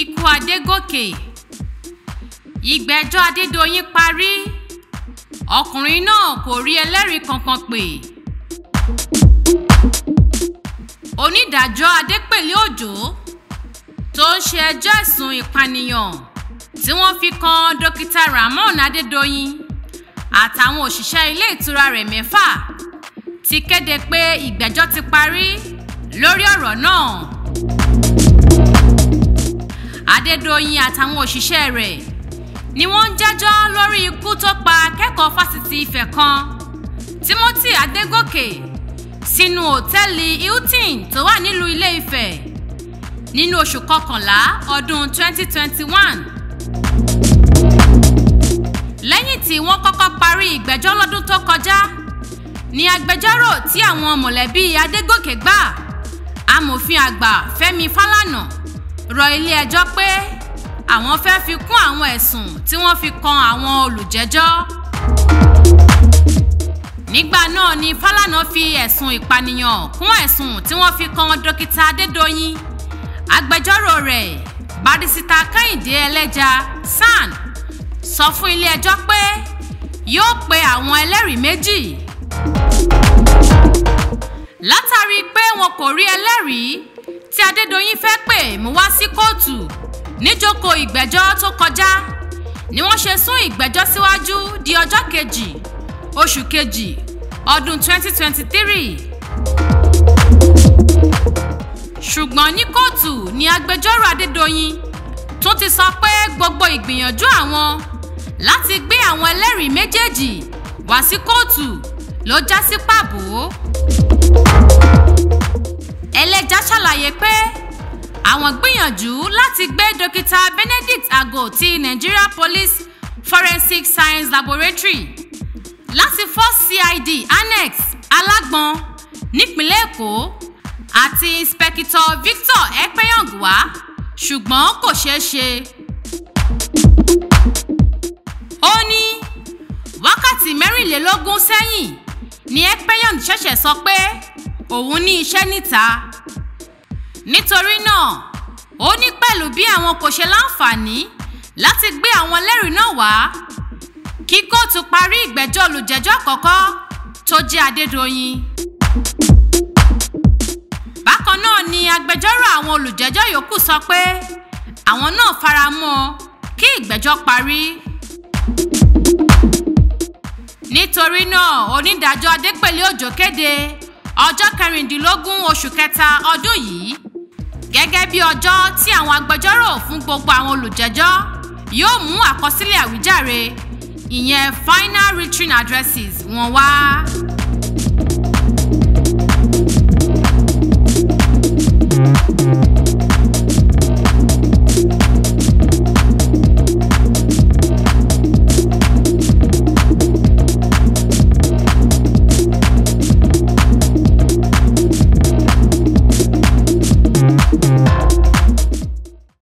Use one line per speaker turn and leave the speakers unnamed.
ikú adégòkè ìgbẹ́jọ́ adédọ́yìn parí ọkùnrin náà kò rí ẹlẹ́rìí kankan pè onídàájọ́ adépèlé òjò tó ń ṣe ẹjọ́ ẹ̀sùn ìpànìyàn tí wọ́n fi kan dókítà ramon adédọ́yìn àtàwọn òṣìṣẹ́ ilé ìtura rẹ̀ mẹ́fà ti kéde pé ìgbẹ́jọ́ ti parí lórí ọ̀rọ̀ náà adédọ̀yìn àtàwọn òṣìṣẹ́ rẹ̀ ni wọ́n ń jẹ́jọ́ lórí ikú tó pa akẹ́kọ̀ọ́ fásitì Ifẹ̀ kan Timothy Adégòkè sínú òtẹ́ẹ̀lì Hilton tó wà nílùú Ilé Ifẹ̀ nínú oṣù kọkànlá ọdún 2021 lẹ́yìn tí wọ́n kọ́kọ́ parí ìgbẹ́jọ́ lọ́dún tó kọjá ni agbẹjọ́rò tí àwọn mọ̀lẹ́bí Adégòkè gbà amòfin àgbà Fẹ́mi Fálànà rọ ilé-ẹjọ́ pé àwọn fẹ́ fi kún àwọn ẹ̀sùn tí wọ́n fi kan àwọn olùjẹ́jọ́ nígbà náà ni Fálànà fi ẹ̀sùn ìpànìyàn kún ẹ̀sùn tí wọ́n fi kan dókítà Adédoyin agbẹjọ́rò rẹ̀ barisita Kẹ́hìndé Ẹlẹ́ja SAN sọ fún ilé-ẹjọ́ pé yóò pe àwọn ẹlẹ́rìí méjì látàrí pé wọn kò rí ẹlẹ́rìí tí Adédoyin Sunday mú wá sí kóòtù níjókòó ìgbẹ́jọ́ tó kọjá ni wọ́n ṣe sún ìgbẹ́jọ́ síwájú di ọjọ́ kejì oṣù kejì ọdún 2023 ṣùgbọ́n ní kóòtù ni agbẹjọ́rò Adédoyin tún ti sọ pé gbogbo ìgbìyànjú àwọn láti gbé àwọn ẹlẹ́rìí méjèèjì wá sí kóòtù ló já sí pàbó. àwọn gbìyànjú láti gbé dókítà Benedict Ago ti Nigeria Police Forensic Science Laboratory láti force CID Annex Alágbọn nípínlẹ̀ Èkó àti Inspector Victor Ekpenyang wá ṣùgbọ́n kò ṣeé ṣe. ó ní wákàtí mẹ́rìnlélógún sẹ́yìn ni Ekpenyang ṣẹ̀ṣẹ̀ sọ pé òun ní iṣẹ́ níta nítorí náà bí àwọn kò ṣe láǹfààní láti gbé àwọn ẹlẹ́rìí náà wá kí kóòtù parí ìgbẹ́jọ́ olùjẹ́jọ́ àkọ́kọ́ tó jẹ́ Adédoyin. bákan náà ni agbẹjọ́rò àwọn olùjẹ́jọ́ yòókù sọ pé àwọn náà fara mọ́ kí ìgbẹ́jọ́ parí. nítorí náà onídàájọ́ Adépẹ̀lẹ́ Òjó kéde ọjọ́ kẹrìndínlógún oṣù kẹta ọdún yìí gẹ́gẹ́ bí ọjọ́ tí àwọn agbẹjọ́rò fún gbogbo àwọn olùjẹ́jọ́ yóò mú àkọsílẹ̀ àwíjàre ìyẹn final written addresses wọn wá.